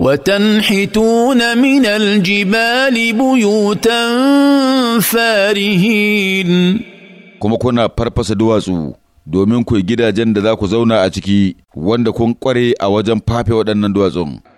وتنحتون من الجبال بيوتا فارهين kuma kuna farfasa duwatsu domin ku gidajen da za ku zauna a ciki wanda kun kware a wajen fafe waɗannan duwatsun